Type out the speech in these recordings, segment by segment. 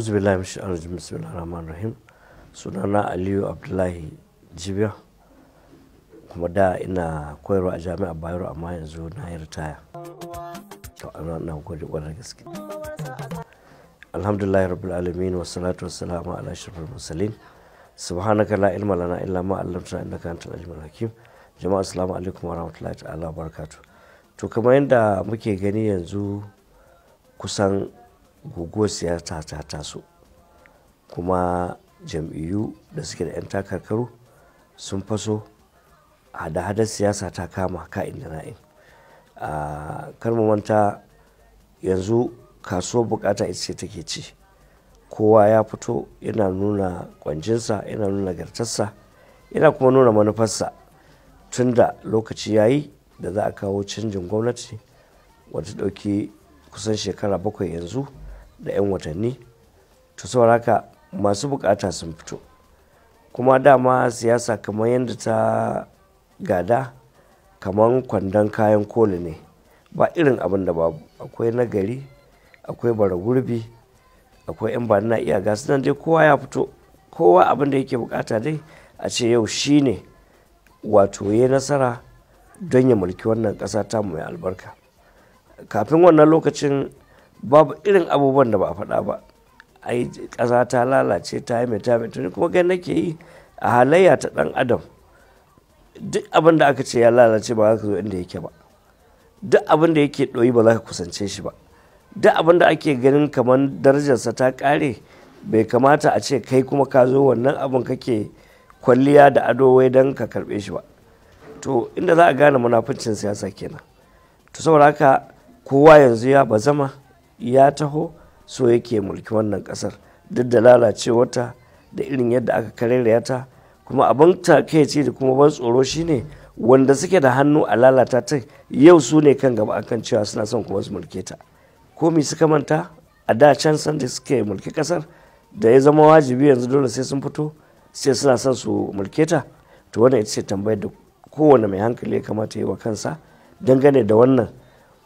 auzubillahi mishi arjim bismillah rahman rahim sunana aliyu abdullahi jibiya kuma da ina koyarwa a jami'ar bayero amma yanzu na yi ritaya to ana na gode kwarar gaske alhamdulillahi rabbil alamin wa salatu wa salamu ala shirfar musalin subhanaka la ilma lana illa ma allamtana innaka antal alimul hakim jama'a assalamu alaikum wa rahmatullahi ta'ala barakatuh to kamar yadda muke gani yanzu kusan guguwar siyasa ta taso kuma jam'iyyu da suke da 'yan takarkaru sun faso hada-hadar siyasa ta kama ka'in da na'in a ah, mu manta yanzu kasuwar bukata ita ce take ci kowa ya fito yana nuna kwanjinsa yana nuna gartarsa yana kuma nuna manufarsa tunda lokaci ya yi da za a kawo canjin gwamnati wata ɗauki kusan shekara bakwai yanzu da 'yan watanni to sauraka masu bukata sun fito kuma dama siyasa kamar yadda ta gada kamar kwandon kayan koli ne ba irin abin da babu akwai nagari akwai bara gurbi akwai 'yan bana iya gasu nan dai kowa ya fito kowa abin da yake bukata dai a ce yau shi ne wato ya nasara don ya mulki wannan ƙasa ta mai albarka kafin wannan lokacin babu irin abubuwan da ba a faɗa ba ai ƙasa ta lalace ta yi mai ta tuni kuma gani nake yi a halayya ta ɗan adam duk abin da aka ce ya lalace ba za ka zo inda yake ba duk abin da yake ɗoyi ba za ka kusance shi ba duk abin da ake ganin kamar darajarsa ta ƙare bai kamata a ce kai kuma ka zo wannan abin kake kwalliya da ado wai don ka karɓe shi ba to inda za a gane munafuncin siyasa kenan to saboda haka kowa yanzu ya bazama zama ya taho so yake mulki wannan kasar duk da lalacewarta da irin yadda aka karere ta kuma abin takaici da kuma ban tsoro shine wanda suke da hannu a lalata ta yau su ne kan gaba akan cewa suna son kuma su mulke ta mi suka manta a da can san da suke mulki kasar da ya zama wajibi yanzu dole sai sun fito sai suna son su mulke ta to wannan ita ce tambayar da kowane mai hankali ya kamata yi wa kansa dangane da wannan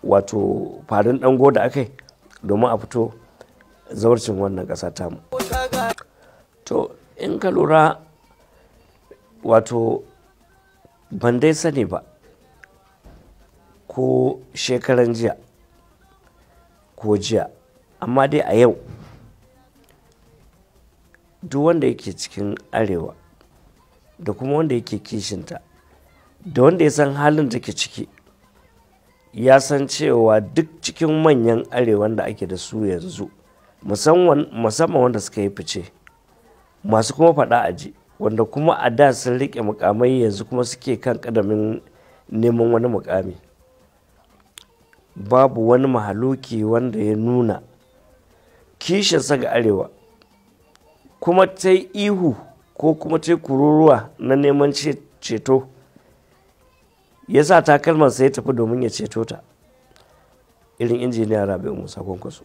wato farin dango da aka domin a fito zawarcin wannan ƙasa tamu to in ka lura wato ban dai sani ba ko shekaran jiya ko jiya amma dai a yau duk wanda yake cikin arewa da kuma wanda yake kishinta da wanda ya san halin da ke ciki ya san cewa duk cikin manyan arewan da ake da su yanzu musamman wanda suka yi fice masu kuma faɗa aji wanda kuma a da sun riƙe mukamai yanzu kuma suke kan ƙadamin neman wani mukami babu wani mahaluki wanda ya nuna kishinsa ga arewa kuma ta ihu ko kuma ta kururuwa na neman ceto ya sa sai ya tafi domin ya ceto ta irin injiniya rabe musa kwankwaso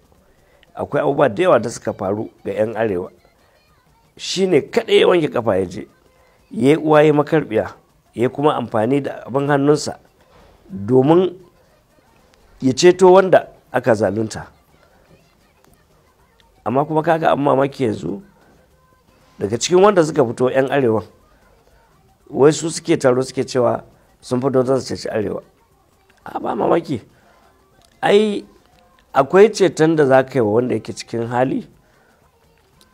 akwai abubuwa da yawa da suka faru ga 'yan arewa shi ne kaɗai ya wanke kafa ya je ya yi uwa ya makarbiya ya kuma amfani da abin hannunsa domin ya ceto wanda aka zalunta amma kuma kaga an mamaki yanzu daga cikin wanda suka fito 'yan arewa wai su suke taro suke cewa sun fito za su ceci arewa a ba mamaki ai akwai ceton da za ka yi wa wanda yake cikin hali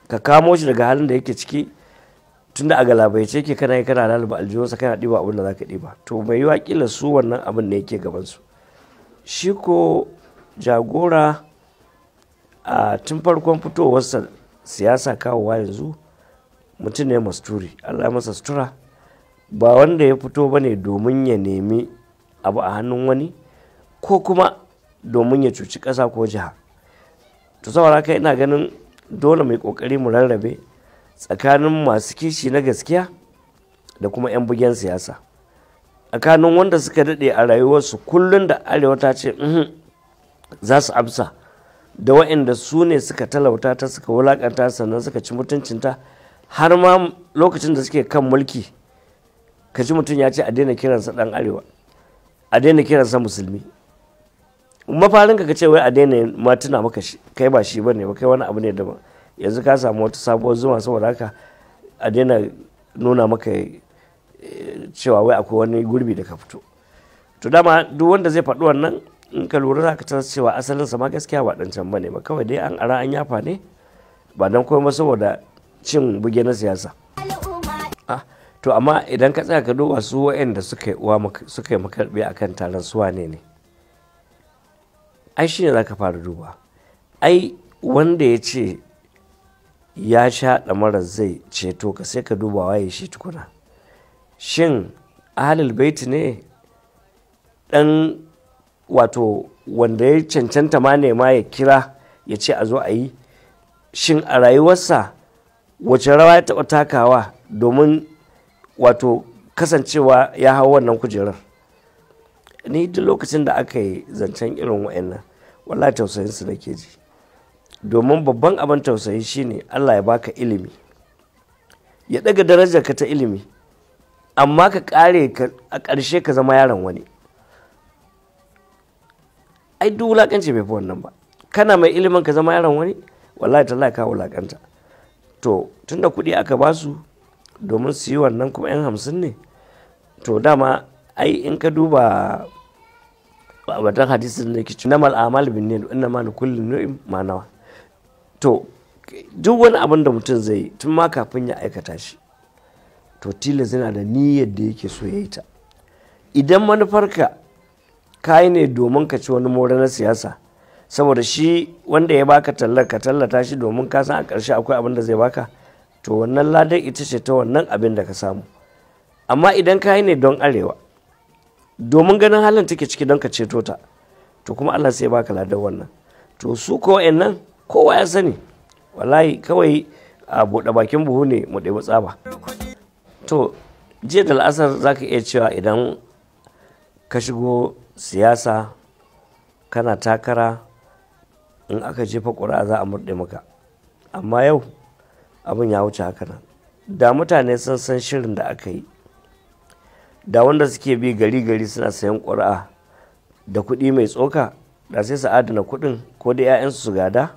ka kamo shi daga halin da yake ciki tunda a galabaice ke kana yi kana lalaba aljihunsa kana ɗiba abin da za ka ɗiba to mai yiwa waƙila su wannan abin da yake gabansu shi ko jagora a tun farkon fitowarsa siyasa kawowa yanzu mutum ne masturi allah masa sutura ba wanda ya fito ba ne domin ya nemi abu a hannun wani ko kuma domin ya cuci ƙasa ko jiha to saboda haka ina ganin dole mai ƙoƙari mu rarrabe tsakanin masu kishi na gaskiya da kuma 'yan bugen siyasa tsakanin wanda suka daɗe a rayuwarsu kullum da arewa ta ce uhm, za su amsa da waɗanda su ne suka talauta ta suka wulakanta sannan suka ci mutuncinta har ma lokacin da suke kan mulki ka ci mutum ya ce a daina kiransa dan arewa a daina kiransa musulmi mafarin ka ce wai a daina ma tuna maka kai ba shi bane ba kai wani abu ne da yanzu ka samu wata sabuwar zuma saboda haka a daina nuna maka eh, cewa wai akwai wani gurbi da ka fito to dama duk wanda zai faɗi wannan in ka lura za ka tarar cewa sa ma gaskiya ba ɗan can bane ba kawai dai an ara an yafa ne ba don komai saboda cin buge na siyasa ah to amma idan ka tsaya ka duba su waɗanda suka yi suka yi makarbi akan taron su wane ne ai shine ka fara duba ai wanda ya ce ya sha ɗamara zai ceto ka sai ka duba waye shi tukuna shin ahalil baiti ne ɗan wato wanda ya cancanta ma ne ma ya kira ya ce a zo a yi shin a rayuwarsa wace rawa ya taɓa takawa domin wato kasancewa ya hau wannan kujerar ni duk lokacin da aka yi zancen irin wa'annan wallahi tausayin su nake ji domin babban abin tausayi shine Allah ya baka ilimi ya daga darajar ka ta ilimi amma ka kare a ƙarshe ka zama yaron wani ai duk wulakanci bai fi wannan ba kana mai ilimin ka zama yaron wani wallahi ta ka wulakanta to tunda kuɗi aka basu domin su yi wannan kuma 'yan hamsin ne to dama ai in ka duba babatan hadisin da ke na mal'amal bin ne inna ma kullum ne ma nawa to duk wani abin da mutum zai tun ma kafin ya aikata shi to tilas yana da niyyar da yake so ya yi ta idan manufarka ka yi ne domin ka ci wani more na siyasa saboda shi wanda ya baka tallar ka tallata shi domin ka san a ƙarshe akwai abin da zai baka to wannan ladar ita ce ta wannan abin da ka samu amma idan ka yi ne don arewa domin ganin halin take ciki don ka ceto ta to kuma allah sai baka ladar wannan to su ko nan kowa ya sani wallahi kawai a buɗe bakin buhu ne mu ɗebi tsaba to jiya da la'asar za ka iya cewa idan ka shigo siyasa kana takara in aka jefa ƙura za a murɗe maka amma yau abin ya wuce haka nan da mutane sun san shirin da aka yi da wanda suke bi gari gari suna sayan ƙuri'a da kuɗi mai tsoka da sai su adana kuɗin ko da 'ya'yansu su gada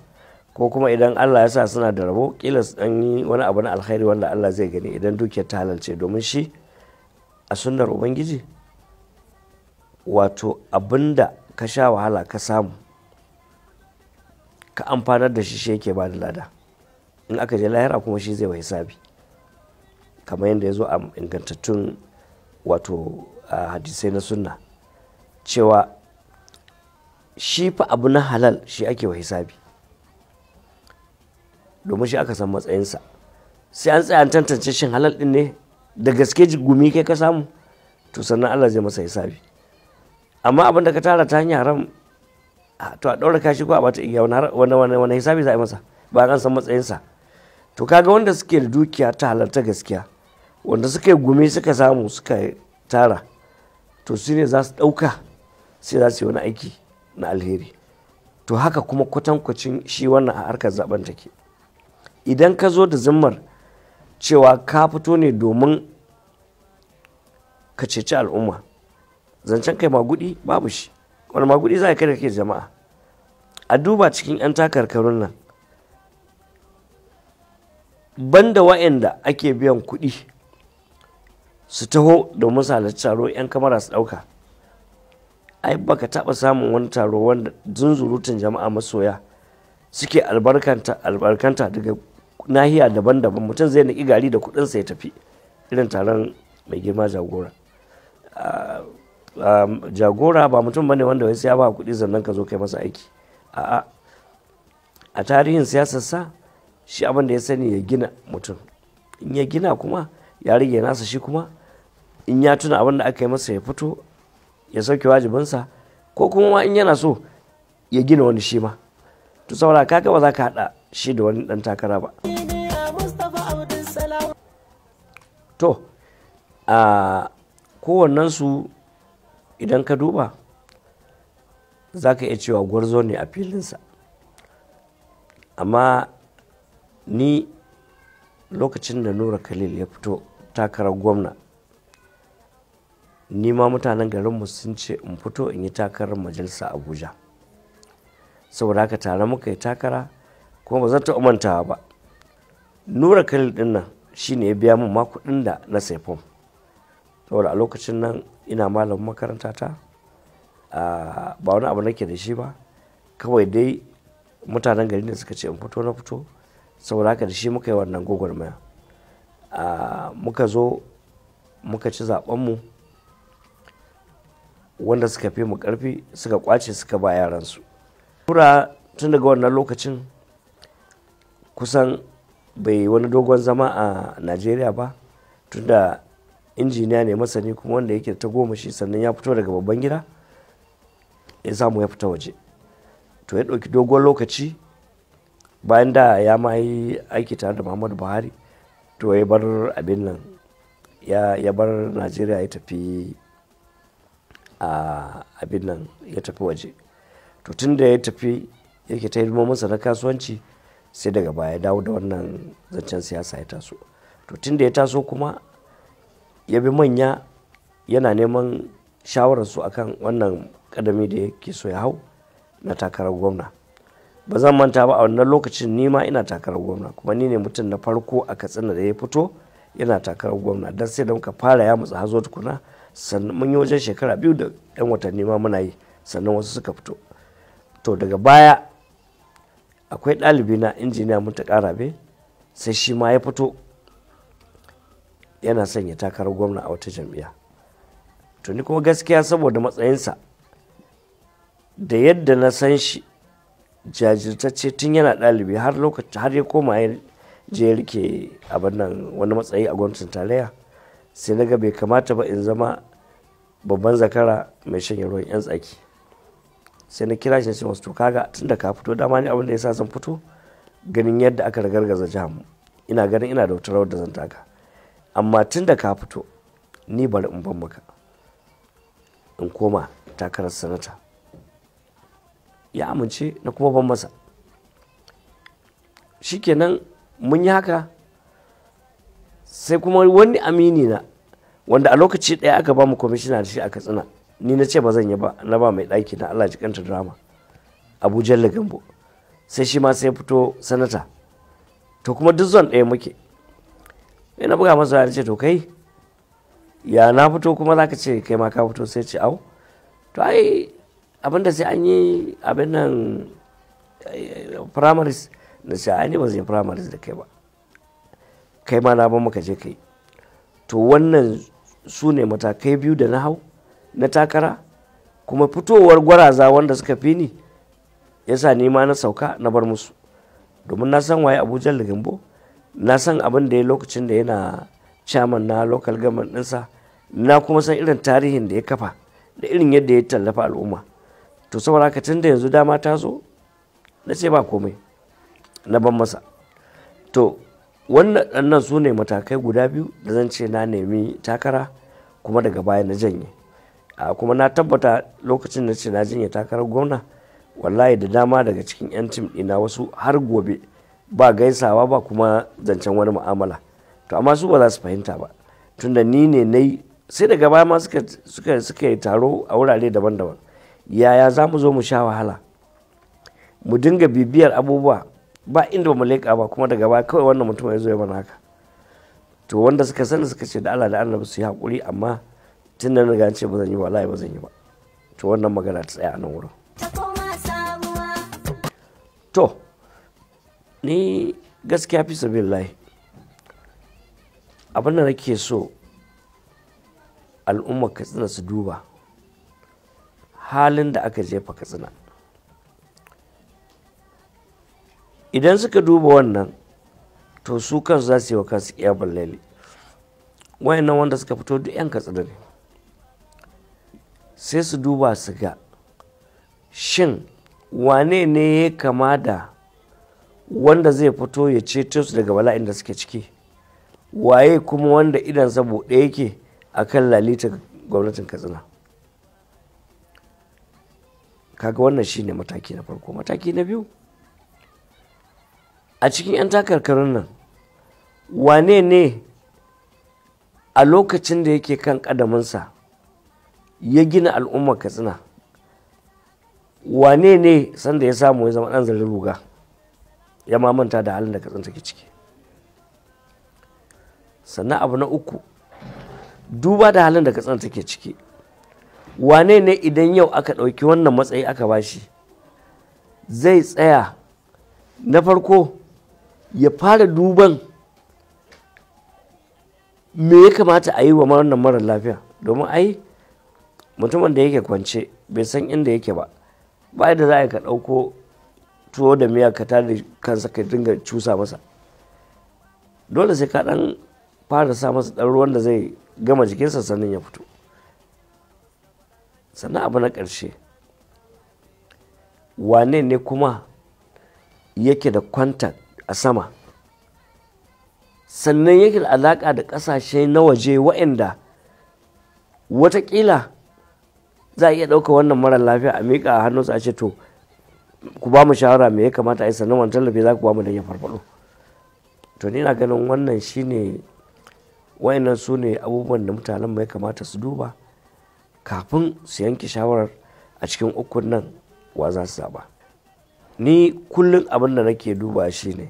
ko kuma idan Allah ya sa suna da rabo ƙila su ɗan yi wani abu na alkhairi wanda Allah zai gani idan dukiyar ta halalce domin shi a sunnar ubangiji wato abinda ka sha wahala ka samu ka amfanar da shi shi yake ba da lada in aka je lahira kuma shi zai wa hisabi kamar yadda ya zo a ingantattun wato hadisai na sunna cewa shi fa abu na halal shi ake wa hisabi domin shi aka san matsayinsa sai an tsaya an tantance shin halal din ne da gaske gumi kai ka samu to sannan Allah zai masa hisabi amma abin da ka tara ta hanyar haram to a ɗaura kashi ko a bata igiya wani hisabi za a yi masa ba an san matsayinsa to kaga wanda suke da dukiya ta halarta gaskiya wanda suka yi gumi suka samu suka tara to su ne za su ɗauka sai za su yi wani aiki na alheri to haka kuma kwatankwacin shi wannan a harkar zaben take idan ka zo da zimmar cewa ka fito ne domin ka ceci al'umma zancen kai magudi babu shi wani magudi za ka kai da jama'a a duba cikin 'yan takarkarun nan banda wa'anda ake biyan kuɗi su taho da su halarci taro 'yan kamara su ɗauka ai baka taɓa samun wani taro wanda zunzurutun jama'a masoya suke albarkanta albarkanta daga nahiya daban-daban mutum zai niki gari da kuɗinsa ya tafi irin taron mai girma jagora ah, ah, jagora ba mutum bane wanda wai ya ba kuɗi sannan ka zo kai masa aiki a'a a tarihin siyasar shi abin da ya sani ya gina mutum in ya gina kuma ya rage nasa shi kuma in ya tuna abin da aka yi masa ya fito ya sauke wajibinsa ko kuma ma in yana so ya gina wani shi ma to saboda kaga ba za ka hada shi da wani dan takara ba to a su idan ka duba za ka iya cewa gwarzo ne a filinsa amma ni lokacin da nura khalil ya fito takarar gwamna ni ma mutanen garinmu sun ce in fito in yi takarar majalisa abuja saboda haka tare muka yi takara kuma ba zan umantawa mantawa ba nura khalil din nan shi ne ya biya min ma da na saifon saboda a lokacin nan ina malamin makaranta ta ba wani abu nake da shi ba kawai dai mutanen garin da suka ce in fito na fito sauraka da shi muka yi wannan gwagwarmaya ah, muka zo muka ci zaɓenmu wanda suka fi mu ƙarfi suka kwace suka ba yaransu tura tun daga wannan lokacin kusan bai wani dogon zama a najeriya ba tun da injiniya ne masani kuma wanda yake ta goma shi sannan ya fito daga babban gida ya samu ya fita waje to ya ɗauki dogon lokaci bayan da ya ma yi aiki tare da muhammadu buhari to ya bar abin nan ya bar najeriya ya tafi a abin nan ya tafi waje to tun da ya tafi yake ta hidimominsa na kasuwanci sai daga baya dawo da wannan zancen siyasa ya taso to tun da ya taso kuma ya bi manya yana neman shawararsu akan wannan kadami da yake so ya hau na takarar gwamna ba zan manta ba a wannan lokacin ni ma ina takarar gwamna kuma ni ne mutum na farko a katsina da ya fito yana takarar gwamna don sai da muka fara ya mutsa hazo tukuna sannan mun yi wajen shekara biyu da yan watanni ma muna yi sannan wasu suka fito to daga baya akwai ɗalibi na injiniya mun ta ƙara sai shi ma ya fito yana son ya takarar gwamna a wata jam'iyya to ni kuma gaskiya saboda matsayinsa da yadda na san shi jajirtacce tun yana ɗalibi har lokaci har ya koma ya je rike abin nan wani matsayi a gwamnatin tarayya sai na ga bai kamata ba in zama babban zakara mai shanye ruwan yan tsaki sai na kira shi wasu to kaga tun da ka fito dama ne abin da ya sa zan fito ganin yadda aka ragargaza jihar ina ganin ina da wata da zan taka amma tun da ka fito ni bari in ban in koma takarar sanata ya amince na kuma ban masa shikenan mun yi haka sai kuma wani amini na wanda a lokaci ɗaya aka ba mu kwamishina da shi a katsina ni na ce ba zan yi ba na ba mai ɗaki na allah jikanta drama abuja lagambo sai shi ma sai fito sanata to kuma duk zuwan ɗaya muke na buga masa da ce to kai ya na fito kuma za ka ce kai ma ka fito sai ce au to ai Abin da sai an yi abin nan primaries na sai ba zai primaries da kai ba kai ma na ba maka je kai to wannan su ne matakai biyu da na hau na takara kuma fitowar gwaraza wanda suka fi ni ya sa nima na sauka na bar musu domin na san waye abuja gambo na san abin da ya lokacin da yana chairman na local government ɗinsa na kuma san irin tarihin da ya kafa da irin yadda ya tallafa al'umma to saboda haka tun da yanzu dama ta zo na ce ba komai na ban masa to wannan su ne matakai guda biyu da zan ce na nemi takara kuma daga baya na janye kuma na tabbata lokacin da ce na janye takarar gwamna wallahi da dama daga cikin 'yan tim ɗina wasu har gobe ba gaisawa ba kuma zancen wani mu'amala to amma su ba za su fahimta ba tunda ni ne na yi sai daga baya ma suka yi taro a wurare daban-daban yaya za mu zo mu sha wahala mu dinga bibiyar abubuwa ba inda mu leƙa ba kuma daga baya kawai wannan mutum ya zo ya mana haka to wanda suka sani suka ce da Allah da annabi su yi hakuri amma tun da riga ce ba zan yi wallahi ba zan yi ba to wannan magana ta tsaya a nan wurin to ni gaskiya fi sabillahi abin da nake so al'ummar katsina su duba halin da aka jefa katsina idan suka duba wannan to su kansu za su yi wa kansu ƙiyabar laili wayannan wanda suka fito duk 'yan katsina ne sai su duba su ga shin wane ne ya kama da wanda zai fito ya ceto su daga bala'in da suke ciki waye kuma wanda idan buɗe yake a kan lalitar gwamnatin katsina kaga wannan shine mataki na farko mataki na biyu a cikin 'yan takarkarun nan wane ne a lokacin da yake kan kadaminsa ya gina al'ummar katsina wane ne sanda ya samu ya zama ɗan zirin ruga ya mamanta da halin da katsina take ciki sannan abu na uku duba da halin da katsina take ciki wane ne idan yau aka ɗauki wannan matsayi aka bashi zai tsaya na farko ya fara duban me ya kamata a yi wa wannan marar lafiya domin ai mutumin da yake kwance bai san inda yake ba ba da za a ka ɗauko tuwo da miya ka tada kansa ka dinga cusa masa dole sai ka ɗan fara sa masa ɗan ruwan da zai gama jikinsa sannan ya fito sannan abu na ƙarshe wane ne kuma yake da kwanta a sama sannan yake da alaƙa da ƙasashe na waje waɗanda watakila za a iya ɗauka wannan mara lafiya a miƙa a hannunsa a ce to ku ba mu shawara me ya kamata a yi sannan wani tallafi za ku ba mu don ya farfaɗo to ni na ganin wannan shine wayannan su ne abubuwan da mutanen ya kamata su duba kafin su yanke shawarar a cikin ukun nan wa za su zaba ni kullum abin da nake duba shi ne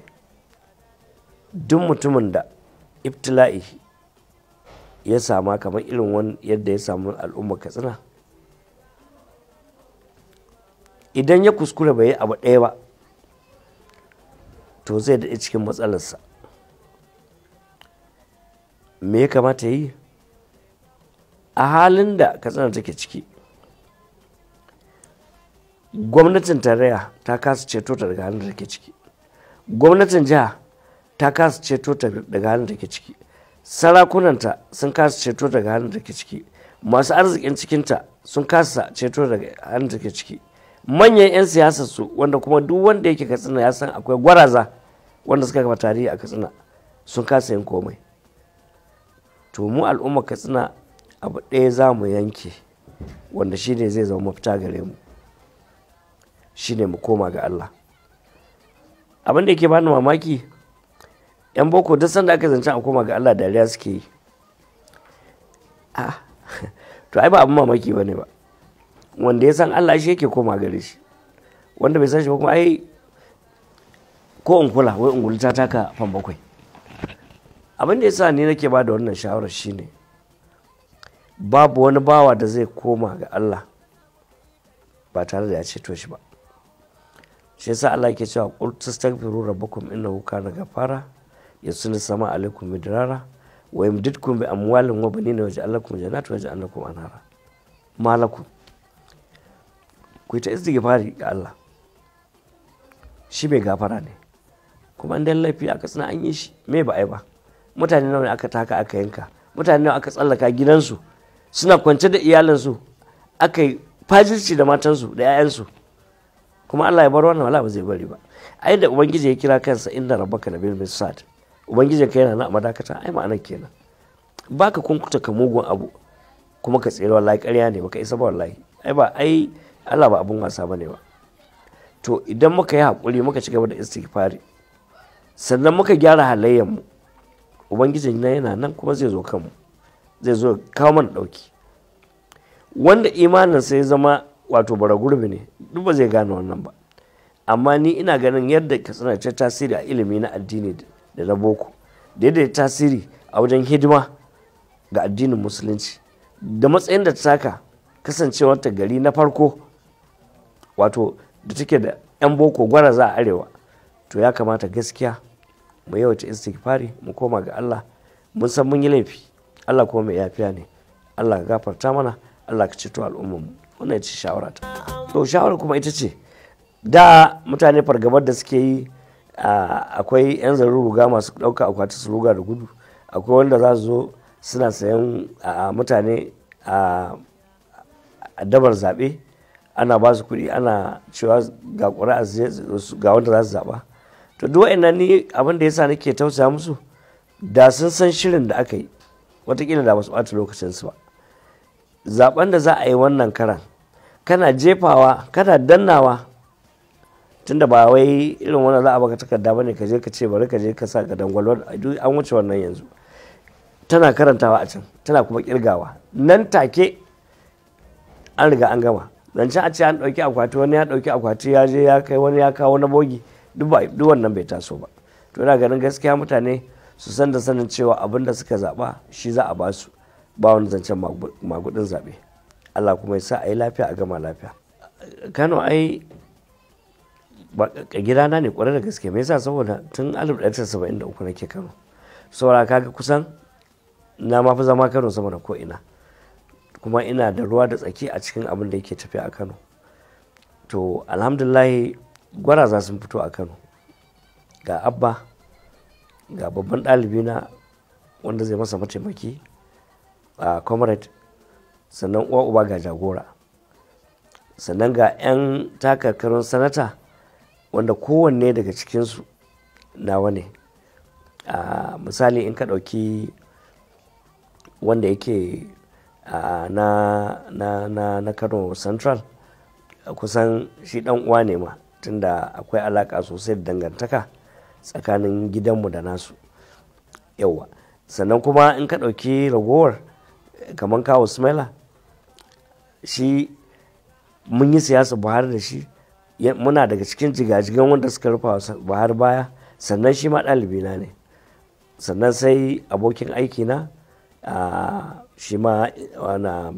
duk mutumin da ibtila'i ya sama kamar irin wani yadda ya samu al'umma katsina idan ya kuskure bai yi abu ɗaya ba to zai daɗe cikin matsalarsa me ya kamata yi a halin da katsina take ciki gwamnatin tarayya ta kasa ceto ta daga halin da take ciki gwamnatin jiha ta kasa ceto ta daga halin da take ciki sarakunanta sun kasa ceto daga halin da take ciki masu arzikin cikinta sun kasa ceto daga halin da take ciki manyan 'yan siyasar su wanda kuma duk wanda yake katsina ya san akwai gwaraza wanda suka gaba tarihi a katsina sun kasa yin komai to mu al'ummar katsina abu ɗaya za mu yanke wanda shi ne zai zama mafita gare mu shi ne mu koma ga Allah abin da yake bani mamaki 'yan boko duk sanda aka zance a koma ga Allah dariya suke yi to ai ba abin mamaki ba ne ba wanda ya san Allah shi yake koma gare shi wanda bai san shi ba kuma ai ko in kula wai in ta taka fan bakwai abin da ya sa ni nake ba da wannan shawarar shine babu wani bawa da zai koma ga Allah ba tare da ya ceto shi ba shi yasa Allah ke cewa qul tastaghfiru rabbakum innahu kana ghafara yasunu sama alaikum midrara wa yamdidkum bi amwalin wa banina wa ja'alakum jannatin wa ja'alakum anhara malakum ku yi ta istighfari ga Allah shi bai gafara ne kuma an dan laifi aka tsina an yi shi me ba ai ba mutane nawa ne aka taka aka yanka mutane nawa aka tsallaka gidansu suna kwance da iyalansu aka yi fajirci da matansu da 'ya'yansu kuma Allah ya bar wannan wala ba zai bari ba ai da ubangiji ya kira kansa inda rabbaka da bil sad ubangiji ka yana na a madakata ai ma'ana kenan baka kunkuta ka mugun abu kuma ka tsere wallahi ƙarya ne baka isa ba wallahi ai ba ai Allah ba abun wasa bane ba to idan muka yi hakuri muka ci gaba da istighfari sannan muka gyara halayyar mu ubangiji na yana nan kuma zai zo kanmu zai zo kawo mana ɗauki wanda imanin sai zama wato bara gurbi ne duk ba zai gane wannan ba amma ni ina ganin yadda ka tsana ta tasiri a ilimi na addini da na boko da yadda tasiri a wajen hidima ga addinin musulunci da matsayin da ta taka kasancewarta gari na farko wato da take da 'yan boko gwara za a arewa to ya kamata gaskiya mu yawaita istighfari mu koma ga Allah mun san mun yi laifi Allah kuma mai yafiya ne Allah ka gafarta mana Allah ka ceto al'ummar mu wannan ita ce shawara ta to shawara kuma ita ce da mutane fargabar da suke yi akwai yan zaru ruga masu ɗauka akwati su ruga da gudu akwai wanda za su zo suna sayan mutane a dabar zaɓe ana ba su kuɗi ana cewa ga ƙuri'a ga wanda za su zaɓa to duk wa'annan ni abin da yasa nake tausaya musu da sun san shirin da aka yi watakila da basu ɓata lokacinsu ba zaben da za a yi wannan karan kana jefawa kana dannawa tunda ba wai irin wannan za a baka takarda bane ka je ka ce bari ka je ka sa ga dangwalwar an wuce wannan yanzu tana karantawa a can tana kuma kirgawa nan take an riga an gama zancen a ce an ɗauki akwati wani ya dauki akwati ya je ya kai wani ya kawo na bogi duk wannan bai taso ba to ina ganin gaskiya mutane su san da sanin cewa abin da suka zaɓa shi za a ba su ba wani zancen magudin zabe allah kuma ya sa a yi lafiya a gama lafiya kano ai a gidana ne kwarai da gaske me yasa saboda tun 1973 nake kano saura kaga kusan na mafi zama kano sama da ko'ina kuma ina da ruwa da tsaki a cikin abin da yake tafiya a kano to alhamdulahi za sun fito a kano ga abba ga babban ɗalibi na wanda zai masa mataimaki a comrade sannan uwa uba ga jagora sannan ga 'yan takarkarin sanata wanda kowanne daga cikinsu nawa ne a misali in ka ɗauki wanda yake na, na, na, kano central kusan shi uwa ne ma tunda akwai alaka sosai da dangantaka tsakanin gidanmu da nasu yawa sannan kuma in ka ɗauki ragowar kamar kawo smela shi mun yi siyasa buhari da shi muna daga cikin jigajigan wanda suka rufa buhari baya sannan shi ma ɗalibina ne sannan sai abokin aikina shi ma wana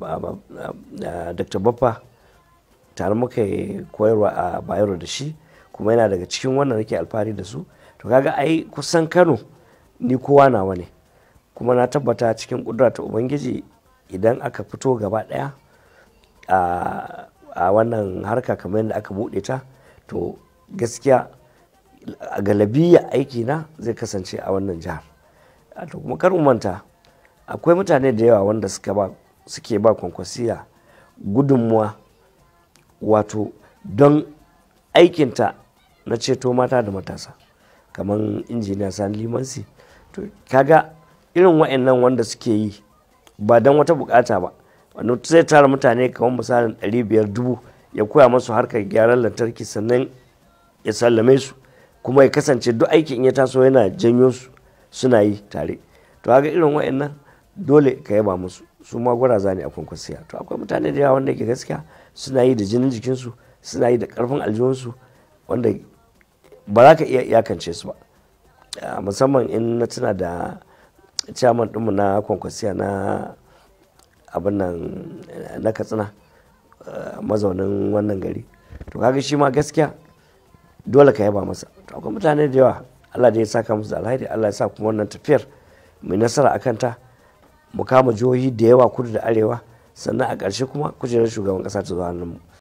dr baffa tare muka koyarwa a bayero da shi kuma yana daga cikin wannan nake alfahari da su to kaga ai kusan kano ni kowa na wani kuma na tabbata cikin kudura ta ubangiji idan aka fito gaba daya a wannan harka kamar yadda aka bude ta to gaskiya a galabiya aikina zai kasance a wannan jihar to kuma kar manta akwai mutane da yawa wanda suka ba suke ba kwankwasiya gudunmuwa wato don aikinta na ceto mata da matasa kamar injiniya sani limansi to kaga irin wa'annan wanda suke yi ba don wata bukata ba wanda zai tara mutane kamar misalin ɗari biyar dubu ya koya masu harkar gyaran lantarki sannan ya sallame su kuma ya kasance duk aikin ya taso yana janyo su suna yi tare to haka irin wa'annan dole ka yaba musu su ma gwaraza ne a kwankwasiya to akwai mutane da yawa wanda ke gaskiya suna yi da jinin jikinsu suna yi da karfin aljihunsu wanda ba za ka iya iyakance su ba ah, musamman in na tuna da chairman ɗinmu na kwankwasiya na abin nan eh, na katsina eh, mazaunin wannan gari to kaga shi ma gaskiya dole ka yaba masa to akwai mutane da yawa Allah da ya saka musu alhaji Allah ya sa kuma wannan tafiyar mai nasara akan ta mu kama jihohi da yawa kudu da arewa sannan a ƙarshe kuma kujerar shugaban ƙasa ta zuwa mu